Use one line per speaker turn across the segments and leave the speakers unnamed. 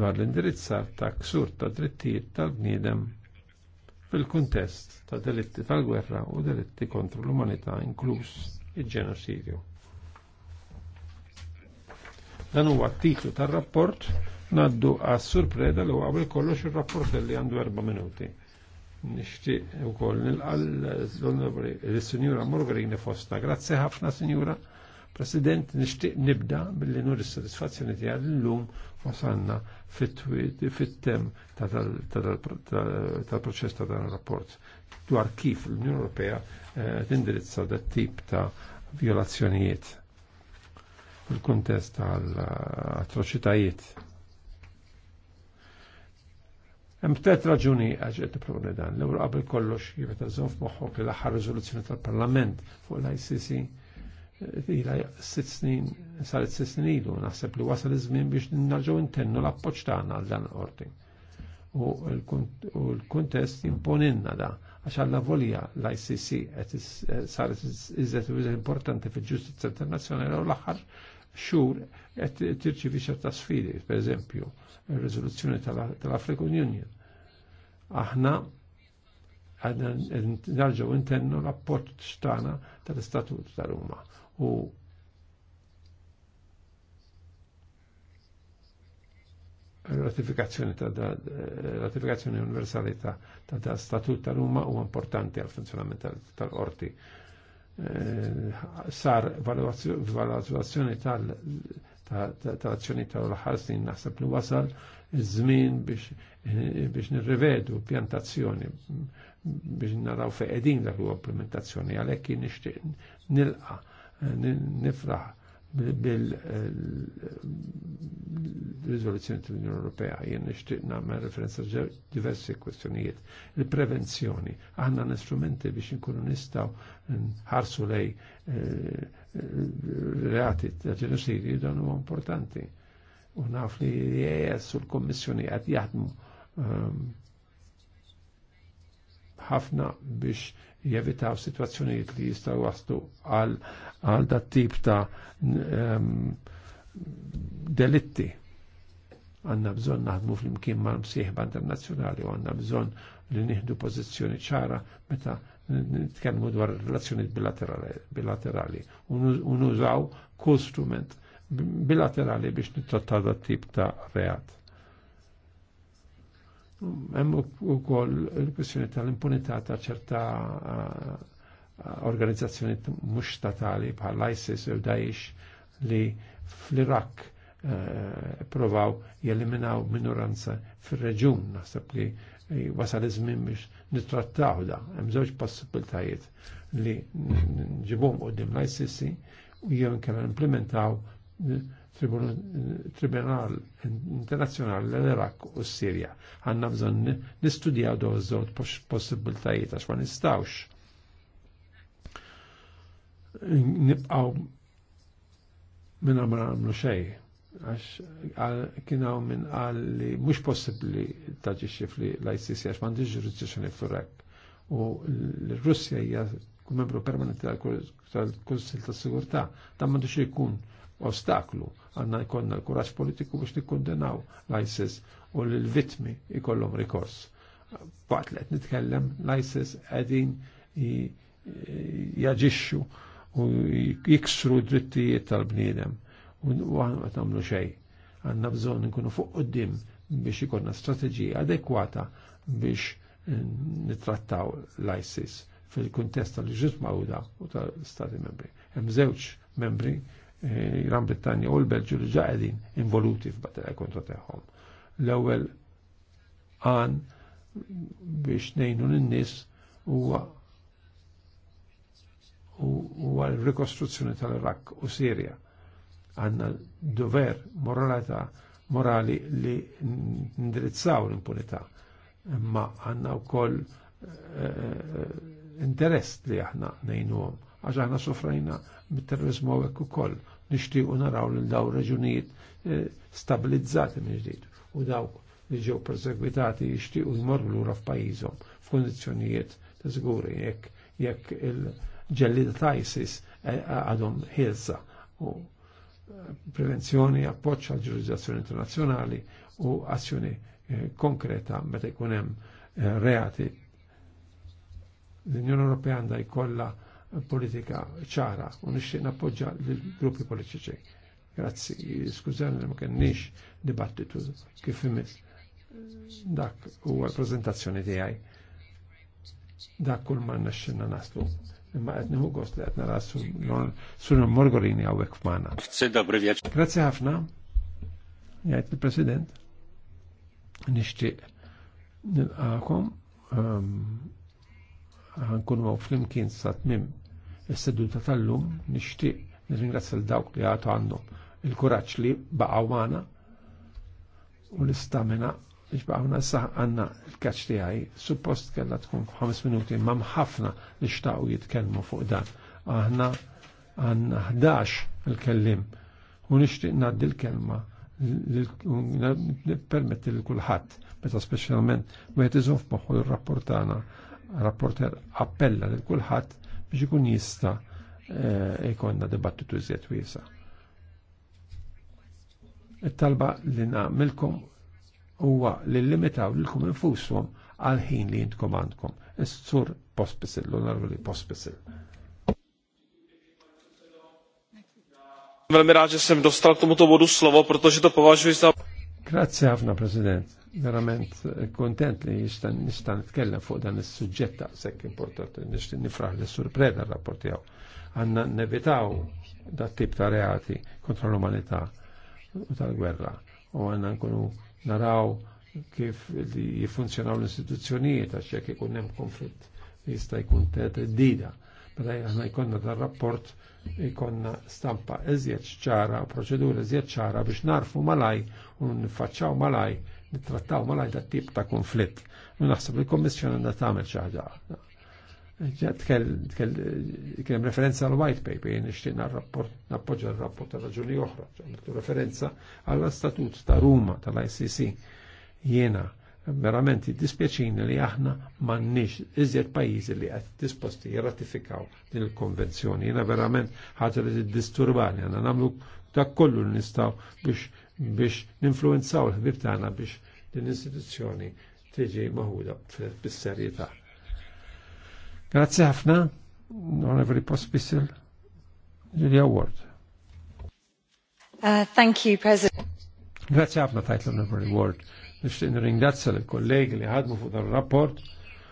dwar l-indirizzar ta' ksur ta' drittijiet tal-bniedem fil-kuntest ta' delitti tal-gwerra u delitti kontra l-umanità inkluż il-ġenosidju. Dan huwa titlu tar-rapport naddu għas surpreda li għabel kollox il-rapport li għandu erba' minuti. Nixtieq u koll nil-għal l-Sinjura Morgrini Fosta. Grazie ħafna, Sinjura. President, nishtiq nibda billi nur is-satisfazzjoni tiegħi llum wasanna fit-tem tal-proċess ta' dan rapport dwar kif l-Unjoni Ewropea eh, tindirizza dat tip ta' violazzjonijiet fil-kuntest tal-atroċitajiet. Hemm tliet raġuni għax qed tipprovni dan. L-ewwel qabel kollox jibgħet iżżomm moħħok l-aħħar riżoluzzjoni tal-Parlament fuq l-ICC ila sitt snin, saret sitt snin ilu, nasib li wasal iż-żmien biex narġgħu intennu l-appoġġ tagħna għal dan orti. U l kontest imponinna da għax għalla volja l-ICC izzet u izzet importanti fil ġustizja internazjonali u l-aħħar axar xhur qed tirċivi ċerta sfidi, per eżempju, il riżoluzzjoni tal afrika Union. Aħna għadna nerġaw intennu l-apport tagħna tal-Istatut tal uma u ratifikazzjoni ta' da, ratifikazzjoni universali ta', ta, ta statut ta' Ruma u importanti għal funzjonament tal-orti. Eh, sar valutazzjoni tal-azzjoni tal-ħarsin naħseb li wasal iż-żmien eh, biex nirrivedu pjantazzjoni biex naraw fejn qegħdin dak huwa implementazzjoni għalhekk nixtieq nilqa' nifraħ bil-rizoluzzjoni eh, tal-Unjoni Ewropea jien nixtieq nagħmel referenza diversi kwestjonijiet. Il-prevenzjoni, Aħna l-istrumenti biex inkunu nistgħu nħarsu lej eh, reati ta' ġenosidi dan huwa importanti. U naf li ES u l-Kommissjoni qed jaħdmu ehm, ħafna biex jevitaw situazzjonijiet li jistaw għastu għal, dat tip ta' um, delitti. Għanna bżon naħdmu fl-imkien ma' msieħba internazjonali u għanna bżon li nieħdu pozizjoni ċara meta nitkellmu dwar relazzjonijiet bilaterali u nużaw kull strument bilaterali biex nittotta dat tip ta' reat. Hemm ukoll il kwistjoni tal-impunità ta' ċerta organizzazzjoni mhux statali bħal ISIS u Daesh li fl-Iraq provaw jeliminaw minoranza fir-reġun naħseb li wasal iż-żmien biex nittrattaw da. Hemm żewġ possibbiltajiet li nġibhom qudiem l-ICC u jew inkella implementaw Tribunal Internazzjonali l-Iraq u s-Sirja. Għanna bżon nistudjaw do zot possibiltajiet għax ma nistawx. Nibqaw minna ma għamlu xej. Għax kienaw minn għalli mux possibli taġi xifli l icc għax mandi ġurisdizzjoni f iraq U l-Russja hija membru permanenti tal-Kunsil tas-Sigurtà, dan m'għandux ikun ostaklu. Għanna jkonna l-kuraċ politiku biex nikkondenaw l-ISIS u l-vitmi ikollhom rikors. Waqt li qed nitkellem l-ISIS għedin jaġixxu u jiksru drittijiet tal-bniedem u għan għamlu xej. Għanna bżon nkunu fuq qoddim biex ikonna strategija adekwata biex nitrattaw l-ISIS fil-kuntest tal ġizma u da u tal-Stati membri. Hemm zewċ membri Gran Brittanja u l-Belġu li ġaqedin involuti f'battalja kontra tagħhom. L-ewwel għan biex nejnu n-nis huwa huwa l-rikostruzzjoni tal-Iraq u Sirja. Għanna dover moralata morali li indirizzaw l-impunità. ma għanna u koll eh, eh, eh, interess li aħna għom għax aħna sofrajna mit-terrorizmu għek ukoll nixtiequ naraw lil daw reġunijiet eh, stabilizzati minn ġdid u dawk li ġew persegwitati jixtiequ jmorru lura f'pajjiżhom f'kundizzjonijiet ta' żguri jekk jekk il-ġellida ta' ISIS eh, għadhom ħilsa u eh, prevenzjoni, appoċ għal ġurisdizzjoni internazzjonali u azzjoni konkreta meta jkun hemm reati. L-Unjoni Ewropea għandha jkollha politika ċara u nixtieq nappoġġa lill-gruppi politiċi. Grazzi, skużani li ma kenniex dibattitu kif imiss. Dak u l-preżentazzjoni tiegħi. Dak kull ma nexxinna naslu. Imma qed nieħu gost li qed nara sur Morgolini hawnhekk f'magħna. Grazzi ħafna. Jgħid il-President. Nixtieq nilqakom ehm, ħankunu fl-imkien sa' tmim Is-seduta tal-lum nixtieq nirringrazzja l dawk li għatu għandhom il-kuraġġ li baqaw għana u l-istamina biex baqgħu saħ għandna l-kaċ għaj suppost kella tkun 5 minuti mam ħafna li xtaqgħu jitkellmu fuq dan. Aħna għanna 11 il-kellim u nixtieq naddi l-kelma permetti li kulħadd meta specialment meta iżomm f'moħħu l-rapportana rapporter appella lil kulħadd biex ikun jista eh, ikonna dibattitu iżjed wiesa. Il-talba li nagħmilkom huwa li limitaw lilkom infushom għal ħin li jintkom għandkom. Is-sur pospisil, l-onorevoli pospisil. Velmi rád, že jsem dostal k tomuto bodu slovo, protože to považuji za... Grazie ħafna, President. Verament eh, kontent li jistan nistan nitkellem fuq dan is-suġġett ta' sekk importanti nixtieq nifraħ li surpreda r-rapport tiegħu. Għandna nevitaw dat tip ta' reati kontra l-umanità u tal-gwerra u għandna nkunu naraw kif li jifunzjonaw l-istituzzjonijiet għax jekk ikun hemm konflitt jista' jkun teddida Meta aħna dan rapport jkonna stampa eżjed ċara, proċedura eżjed ċara biex narfu malaj u niffaċċaw malaj, nittrattaw malaj ta' tip ta' konflitt. Naħseb li l-Kommissjoni għandha tagħmel xi ħaġa. referenza għal white paper, jien rapport nappoġġa r-rapport ta' raġuni oħra, referenza għall statut ta' Ruma tal-ICC. Jiena verament dispjaċina li aħna mannix iżjed pajjiżi li qed disposti jirratifikaw din il-konvenzjoni. Jiena verament ħaġa li tiddisturbani, għandna nagħmlu dak kollu li nistgħu biex biex ninfluenzaw l-ħbib tagħna biex din l-istituzzjoni tiġi maħuda bis-serjetà. Grazzi ħafna, Honorable Pospisil, Julia Ward.
Uh, thank you, President.
Grazie ħafna tajt l-Honorable Ward Nixtieq nirringrazzja lill-kollegi li ħadmu fuq dan rapport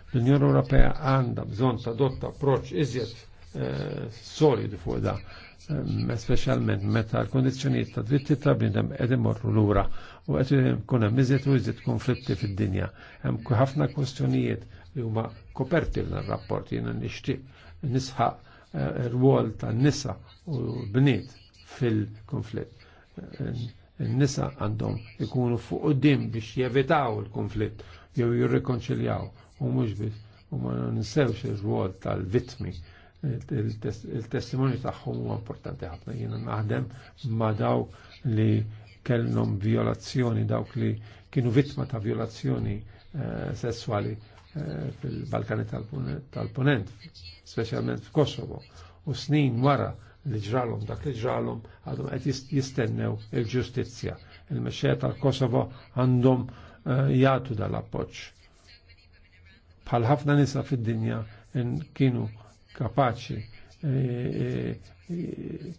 L-Unjoni Ewropea għandha bżonn ta' dotta approċċ iżjed eh, solidu fuq da, eh, speċjalment meta l-kondizzjonijiet ta' dritti ta' bniedem qed imorru lura u qed ikun hemm iżjed u iżjed konflitti fid-dinja. Hemm ħafna kwestjonijiet li huma koperti f'dan rapport jiena nixtieq nisħaq eh, rwol tan nisa u bniet fil-konflitt Il-nisa għandhom ikunu fuq qudiem biex jevitaw il-konflitt jew jirrikonċiljaw u mhux biss u ma ninsewx ir-rwol tal-vittmi il-testimoni tagħhom huwa importanti ħafna jiena naħdem ma' daw li kellhom violazzjoni dawk li kienu vittma ta' violazzjoni eh, sessuali eh, fil-Balkani tal-Ponent, specialment f'Kosovo. U snin wara l ġralhom dak l ġralhom għadhom għed jistennew il ġustizja Il-mexxej tal-Kosovo għandhom eh, jgħatu dal appoċ Bħal ħafna nisa fid-dinja kienu kapaċi eh, eh,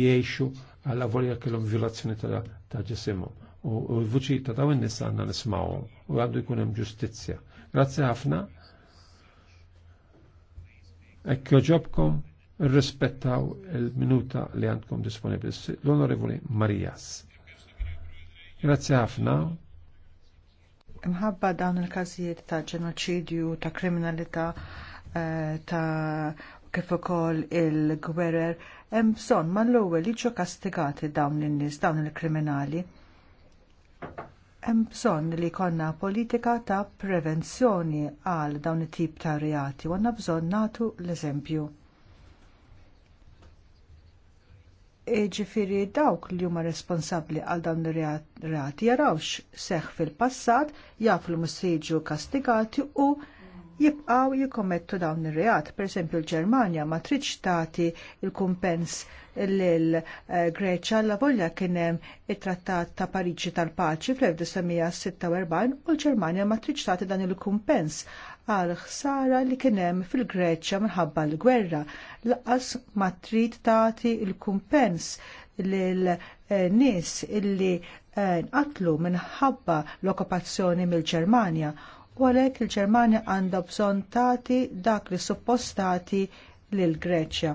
jiexu għalla volja kellhom violazzjoni ta' ġisimu. U l-vuċi ta' dawn nisa għanna nismawu u għandu jkun hemm ġustizzja. Grazzi ħafna. Ekk joġobkom rispettaw il-minuta li għandkom disponibli. L-Onorevoli Marijas. Grazie ħafna.
Mħabba dawn il-każijiet ta' ġenoċidju, ta' kriminalità, eh, ta' kif ukoll il-gwerer, hemm bżonn l ewwel jiġu kastigati dawn in-nies, dawn il-kriminali. Hemm bżonn li jkollna politika ta' prevenzjoni għal dawn it-tip ta' reati u għandna bżonn nagħtu l-eżempju E, ġifiri dawk li huma responsabbli għal dan ir-reati jarawx seħħ fil-passat, jafu li jiġu kastigati u jibqgħu jikkommettu dawn ir-reat. Pereżempju l-Ġermanja ma tridx tagħti il-kumpens lil eh, Greċja la volja kien hemm it-Trattat ta' Pariġi tal-Paċi fl-1946 u l-Ġermanja ma tridx tagħti dan il-kumpens għal ħsara li kien hemm fil-Greċja minħabba l-gwerra laqas ma trid tagħti l-kumpens lil eh, nies illi eh, nqatlu minħabba l-okkupazzjoni mill-Ġermanja u għalhekk il-Ġermanja għandha bżonn tagħti dak li suppostati lill Greċja.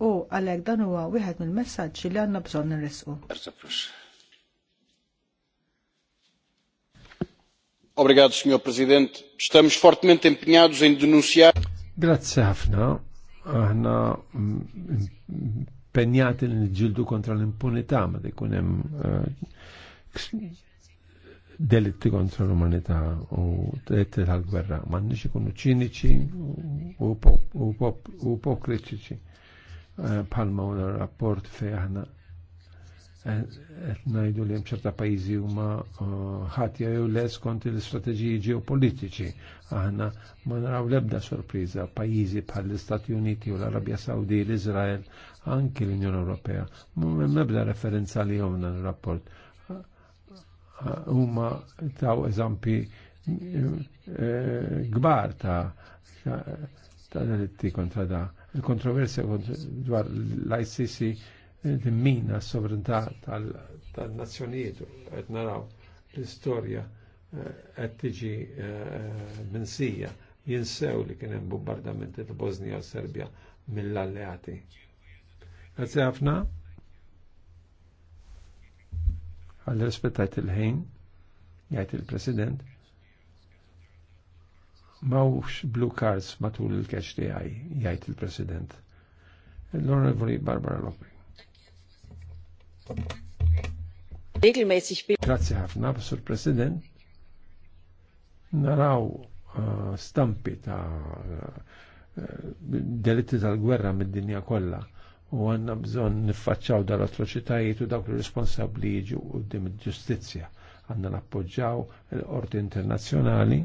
U għalhekk dan huwa wieħed mill-messaġġi li għandna bżonn nirisqu. Obrigado,
Grazie ħafna. Aħna mm, impenjati li nġildu kontra l-impunità ma dikun hemm eh, delitti kontra l-umanità u delitti tal-gwerra. M'għandniex ikunu ċiniċi u ipokritiċi eh, bħalma u rapport fejn aħna najdu li mċerta pajizi u ma uh, ħatja ju les konti l strategiji ġeopolitiċi. Aħna ma naraw lebda sorpriza pajizi bħal l-Istati Uniti u l-Arabja Saudi, l izrael anki l-Unjoni Ewropea. Mhemmem ebda referenza li għomna l rapport Huma taw eżampi eh, gbar ta' ta' delitti kontra da. Il-kontroversja dwar l-ICC il-dimmina s-sovrintà tal-nazzjonijiet għed naraw l istoria għed eh, tiġi eh, minsija jinsew li kienem bombardamenti tal-Bosnija u Serbia mill-alleati. Grazzi għafna? Għal rispettajt il-ħin, jgħid il-President, mawx blue cards matul il-keċ di għaj, jgħid il-President. L-Onorevoli Barbara Lopez. Grazie ħafna, Sur President. Naraw uh, stampi ta' uh, delitti tal-gwerra mid-dinja kollha u għanna bżon niffaċċaw dal-atroċitajiet u dawk responsabli jiġu u dim il-ġustizja. Għanna nappoġġaw l qorti Internazzjonali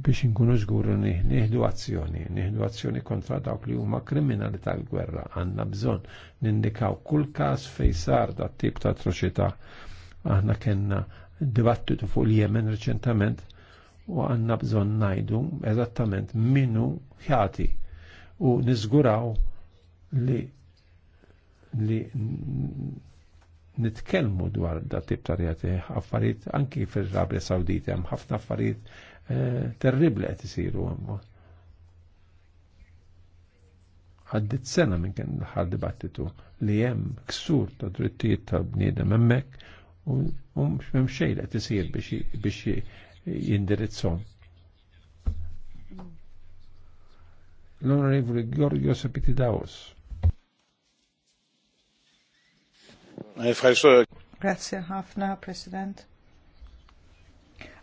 biex inkunu żguru nieħdu azzjoni, nieħdu azzjoni kontra dawk li huma kriminali tal gwerra. Għandna bżonn nindikaw kull każ fejn sar dat tip ta' atroċità. Aħna kellna dibattitu fuq l-Jemen reċentament u għandna bżonn najdu eżattament minnu ħati u niżguraw li li nitkellmu dwar da tip ta' affarijiet anki fil rabja Sawdita hemm ħafna affarijiet Eh, terribli qed isiru hemm. Għaddit sena minn kien l-ħar dibattitu li hemm ksur ta' drittijiet ta' bniedem hemmhekk u m'hemm xejn qed isir biex jindirizzhom. L-Onorevoli Giorgios Epitidaos.
Grazie ħafna, President.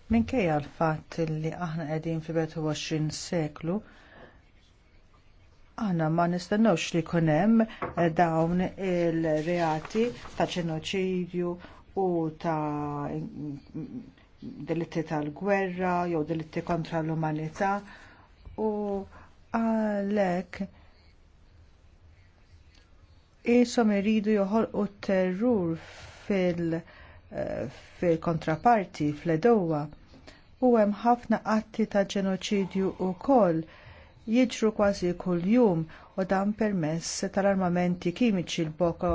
Minkejja l-fatt li aħna qegħdin fil-21 seklu, aħna ma nistennewx li jkun hemm eh, dawn il-reati ta' ċenoċidju u ta' delitti tal-gwerra jew delitti kontra l-umanità u għalhekk ishom iridu joħolqu terrur fil- eh, fil-kontraparti fl-edowa u hemm ħafna atti ta' ġenoċidju wkoll jiġru kważi kuljum u dan permess tal-armamenti kimiċi l-boko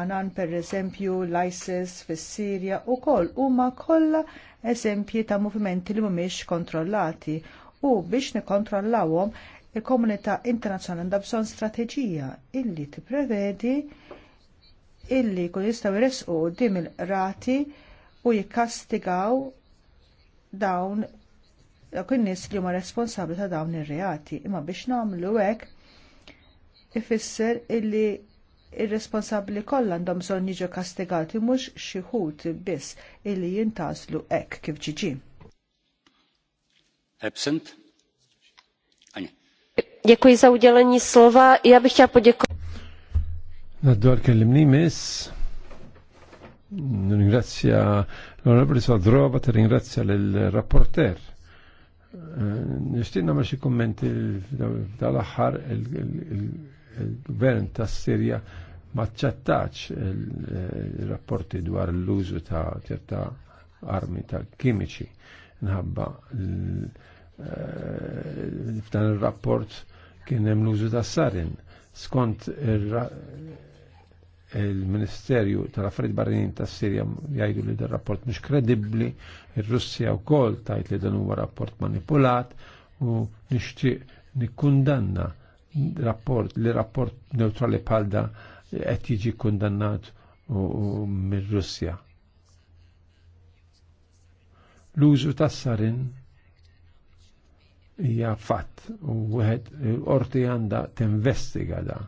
għanan pereżempju l-ISIS fis sirja wkoll huma kollha eżempji ta' movimenti li mhumiex kontrollati u biex nikkontrollawhom il-komunità internazzjonali għandha bżonn strateġija illi tipprevedi illi kun jistgħu jresqu quddiem il-rati u jikkastigaw dawn in nies li huma responsabbli ta' dawn ir-reati, imma biex nagħmlu hekk ifisser illi ir-responsabbli kollha għandhom bżonn jiġu kastigati mhux xi ħud biss
illi jintaslu
hekk kif ġiġi. Absent?
Děkuji za udělení slova. Já bych chtěla poděkovat.
Na għal-kellimni miss, ringrazzja L-Onorevoli Saldrova t-ringrazzja l-rapporter. Eh, Nishtin namel xie kommenti dal-axħar il-gvern ta' Sirja maċċattaċ il-rapporti dwar l-użu ta' ċerta armi ta' kimiċi. Nħabba eh, f'dan il-rapport kien hemm l-użu ta' sarin skont il-Ministerju tal-Affarijiet Barranin tas-Sirja jgħidu li dan rapport mhux kredibbli, ir-Russja wkoll tajt li dan huwa rapport manipulat u nixtieq nikkundanna rapport li rapport neutrali bħal da qed jiġi kundannat mir-Russja. L-użu tas-sarin hija fatt u wieħed l-qorti għandha tinvestiga da'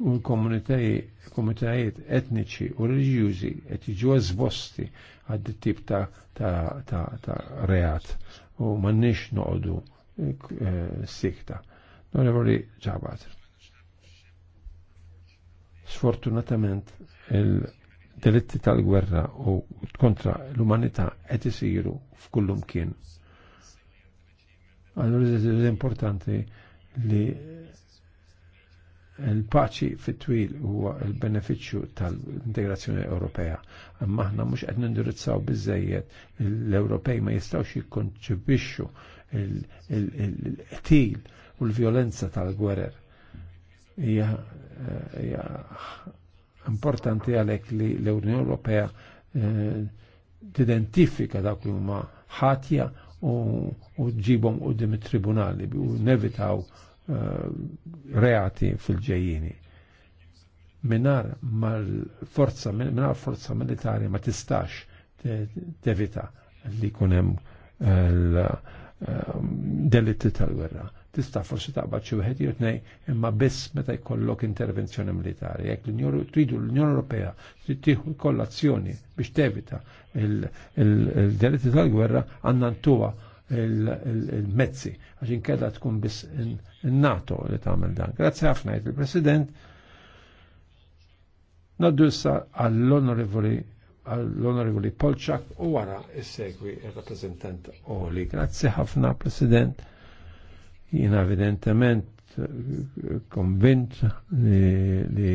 u l-komunitajiet etniċi u reġjużi qed jiġu eżbosti għad tip ta', ta, ta, ta reat u m'għandniex noqogħdu eh, sikta. Onorevoli ġabat. Sfortunatament il-delitti tal-gwerra u kontra l-umanità qed isiru f'kullum kien. Allora importanti li il-paċi fit-twil huwa il-beneficju tal-integrazzjoni Ewropea. Imma aħna mhux qed nindirizzaw biżejjed l-Ewropej ma jistgħux jikkontribwixxu il-qtil u l-vjolenza tal-gwerer. Hija importanti għalhekk li l-Unjoni Ewropea eh, tidentifika dak li huma ħatja u ġibhom u dim tribunali u nevitaw Eh, reati fil-ġejjini. Minar mal-forza, minar forza militari ma tistax tevita li kunem eh, eh, delitti tal-gwerra. Tista' forsi taqbad xi wieħed jew tnej imma biss meta jkollok intervenzjoni militari. Jekk tridu l-Unjoni Ewropea trid tieħu kollazzjoni biex tevita il-delitti tal-gwerra għandna ntuha il-mezzi, għaxin kella tkun bis il-NATO li tagħmel dan. Grazzi ħafna il-President. Naddu issa għall-Onorevoli għall-Onorevoli Polċak u wara issegwi il-Rappresentant Oli. Grazie għafna, President. Jina evidentement konvint li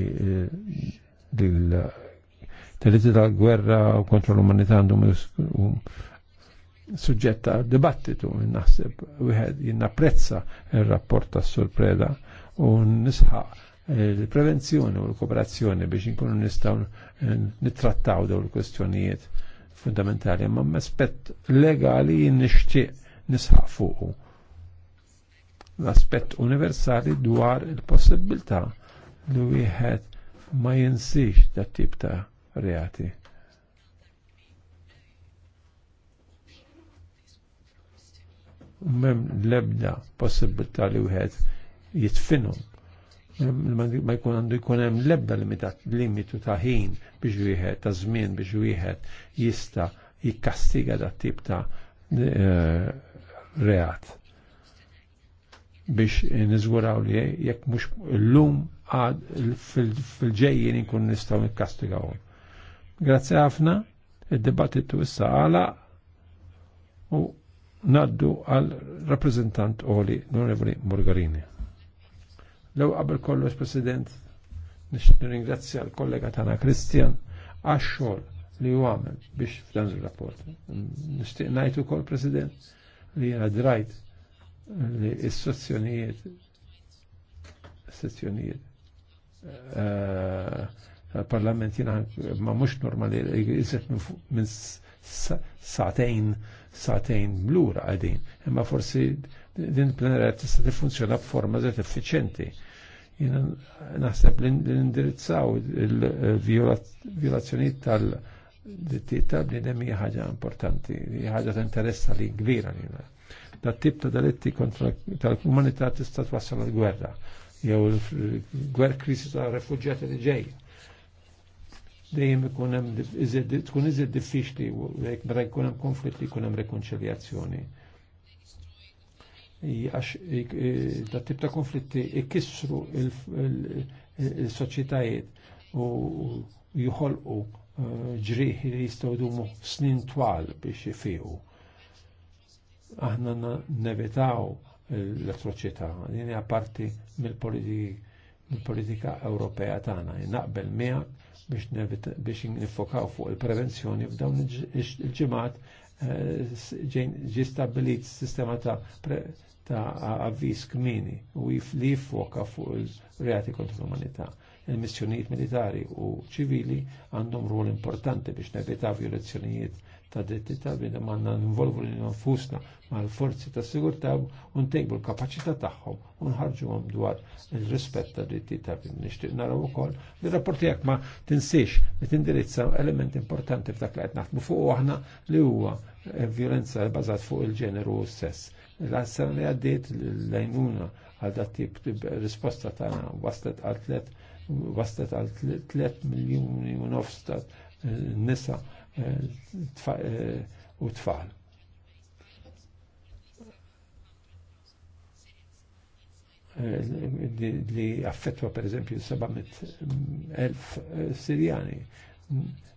l-teliti tal-gwerra u kontra l-umanità għandhom suġġetta dibattitu naħseb wieħed jinnapprezza ir-rapport tas-Sur Preda u nisħaq il-prevenzjoni eh, u l-kooperazzjoni biex inkunu nistgħu eh, nittrattaw dawn il-kwestjonijiet fundamentali, ma aspett legali nixtieq nisħaq fuqu. L-aspett universali dwar il-possibilità li wieħed ma jinsix dat tip ta' reati. mem lebda possibilità li wieħed jitfinu. Ma jkun għandu jkun hemm lebda limitu ta' ħin biex wieħed, ta' żmien biex wieħed jista' jikkastiga dat tip ta' eh, reat biex nizguraw li jekk mux l-lum għad fil ġejjin nkun nistaw nikkastigawhom. Grazzi ħafna, id-dibattitu issa għala u naddu għal rappresentant oli l-Onorevoli Morgarini. Lew qabel kollox President, nix nirringrazzja l-kollega tana Kristjan għax li u għamel biex f'dan il-rapport. Nishtiq najtu kol president li jena drajt li s-sezzjonijiet sezzjonijiet eh, parlament jena ma mux normali jizet minn saatejn satejn blura għadin, imma forsi din plenaret tista' tiffunzjona b'forma zet effiċenti. Jina naħseb l indirizzaw il violazzjoni tal- Dittiet ta' bnidem hija ħaġa importanti, hija ħaġa ta' interess li kbira lilna. Dat tip ta' daletti kontra tal-umanità tista' twassal għal-gwerra jew il gwer krisi ta' refuġjati li ġejja dejjem ikun hemm tkun iżid diffiċli jekk meta jkun hemm konflitt li jkun hemm rekonċiljazzjoni. Għax dat tip ta' konflitti ikissru il-soċjetajiet u jħolqu eh, ġrieħ li jistgħu jdumu snin twal biex jifiqu. Aħna nevitaw l-atroċità, din hija parti mill-politika Ewropea tagħna. Naqbel miegħek biex nifokaw fuq il-prevenzjoni f'dawn il ġimat eh, ġi stabbilit sistema ta' ta' kmini u li jiffoka fuq il-reati kontra l-umanità il-missjonijiet militari u ċivili għandhom rol importanti biex nebita violazzjonijiet ta' dritti tal-bnidem għandna involvu li nfusna mal forzi ta' sigurtà u ntejbu l-kapacità tagħhom u nħarġuhom dwar il rispet ta' dritti ta' bina Nixtieq naraw ukoll li rapporti għak ma tinsiex li tindirizza element importanti f'dak li qed naħdmu fuq aħna li huwa violenza bazat fuq il-ġeneru u s-sess. L-għassan li għaddit l-lejnuna għal dat tip risposta ta' waslet atlet waslet għal 3 miljoni u nofs ta' nisa eh, eh, u tfal. Eh, li affettwa per eżempju 700.000 Sirjani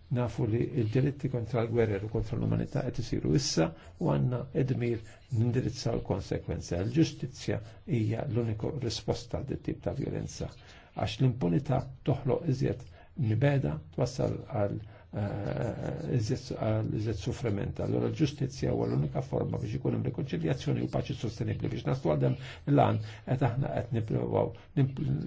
nafu li il-delitti kontra l-gwerra u kontra l-umanità qed isiru issa u għandna edmir nindirizzaw l-konsekwenza. L-ġustizzja hija l-uniku risposta għal dit tip ta' violenza għax l-impunità toħloq iżjed nibeda twassal għal eh, iżjed suffriment. Allora l-ġustizja huwa l-unika forma biex ikun hemm rekonċiljazzjoni u paċi sostenibbli biex nastu għal l-għan qed aħna qed nippruvaw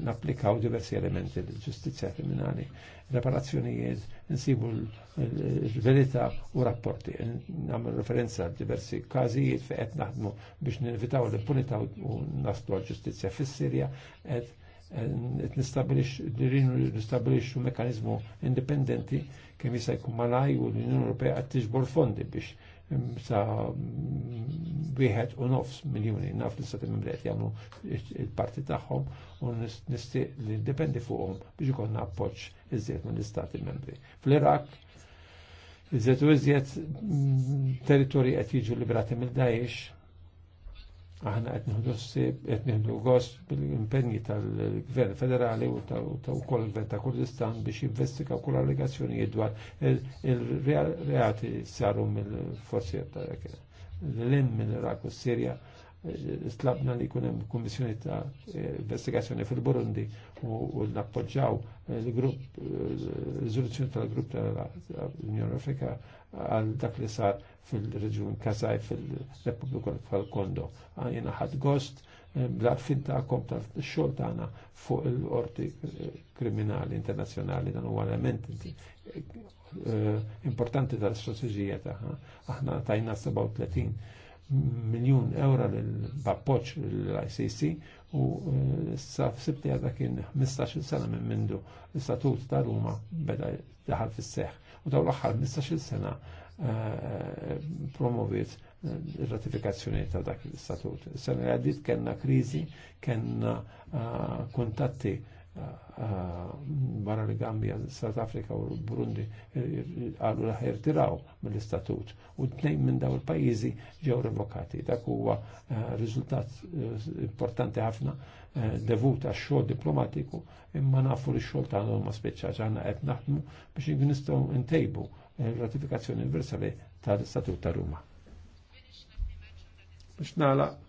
napplikaw diversi elementi l-ġustizzja kriminali, reparazzjonijiet, nsibu l-verità u rapporti. Nagħmel referenza għal diversi każijiet fejn qed naħdmu biex nirvitaw l-impunità u nastu għal ġustizzja fis-Sirja qed nistabilixxu mekanizmu independenti kem jisa jkun malaj u l-Unjoni Ewropea qed tiġbor fondi biex mm, sa mm, wieħed u nofs miljuni naf li stati membri qed jagħmlu il-parti tagħhom u nistiq li dipendi fuqhom biex ikollna appoġġ iżjed mill-istati membri. Fl-Iraq iżjed u iżjed mm, territorji qed jiġu liberati mill-Daesh aħna qed nieħdu qed nieħdu gost bil-impenji tal-Gvern Federali u ta' wkoll il-Gvern ta' Kurdistan biex jinvestiga kull allegazzjonijiet dwar il-reati saru mill-forzi tal L-in mill-Iraq u Sirja stlabna li kunem kummissjoni ta' investigazzjoni fil-Burundi u l-appoġġaw l-grupp, l-rizoluzzjoni tal-grupp tal-Unjoni Afrika għal dak li sar fil reġun Kazaj fil republika tal-Kondo. Għajna ħad gost eh, bl finta kom ta' xol tagħna fuq il orti kriminali internazjonali dan huwa element eh, importanti tal-istrateġija tagħha. Aħna tajna 37 miljon euro l bappoċ l-ICC u eh, sa f-sibti għadha kien 15 sena minn mindu l-istatut ta' Ruma beda daħal fis-seħ. U daw l-aħħar 15 sena eh, promoviet il eh, ratifikazzjoni ta' dak l-istatut. Sena għaddit kena krizi, kena kontatti Eh, barra li Gambia, South Africa u Burundi eh, għallu laħer tiraw mill-istatut u t-nejn minn daw il-pajizi ġew revokati. Dak huwa eh, riżultat importanti ħafna devut għax xogħol diplomatiku imma nafu li xogħol ta' ma speċċaċ għandna qed naħdmu biex nistgħu ntejbu ratifikazzjoni universali tal-Istatut ta' Ruma. Biex nagħlaq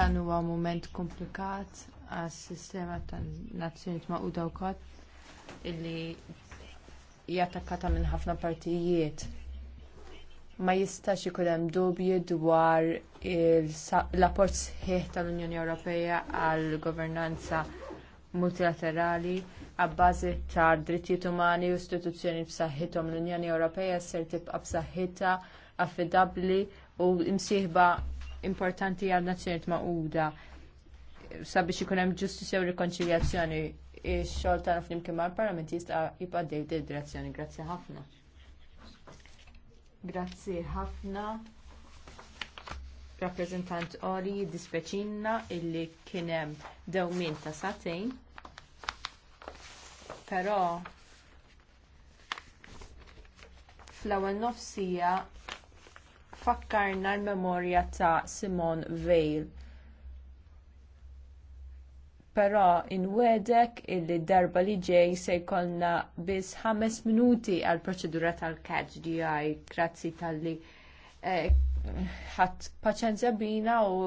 dan huwa moment komplikat għas sistema tan-Nazzjonijiet Magħquda wkoll illi jattakkata minn ħafna partijiet. Ma jistax ikun hemm dubji dwar l-apport sħiħ tal-Unjoni Ewropea għall governanza multilaterali għabbażi ta' drittijiet umani u istituzzjoni b'saħħithom l-Unjoni Ewropea ser tibqa' b'saħħitha affidabbli u msieħba importanti għal nazzjonijiet maquda sabiex ikun hemm ġustizja u rikonċiljazzjoni ix-xogħol tagħna flimkien mal-Parlament jista' jibqa' dejt direzzjoni. Grazzi ħafna. Grazzi ħafna rappreżentant Ori dispeċinna illi kien hemm dewmien ta' satejn. Però fl-ewwel nofsija fakkarna l-memorja ta' Simon Veil però inwedek illi darba li ġej se jkollna biss ħames minuti għal proċedura tal-catch DI grazzi tal-li eh, ħadd paċenza paċenzja bina u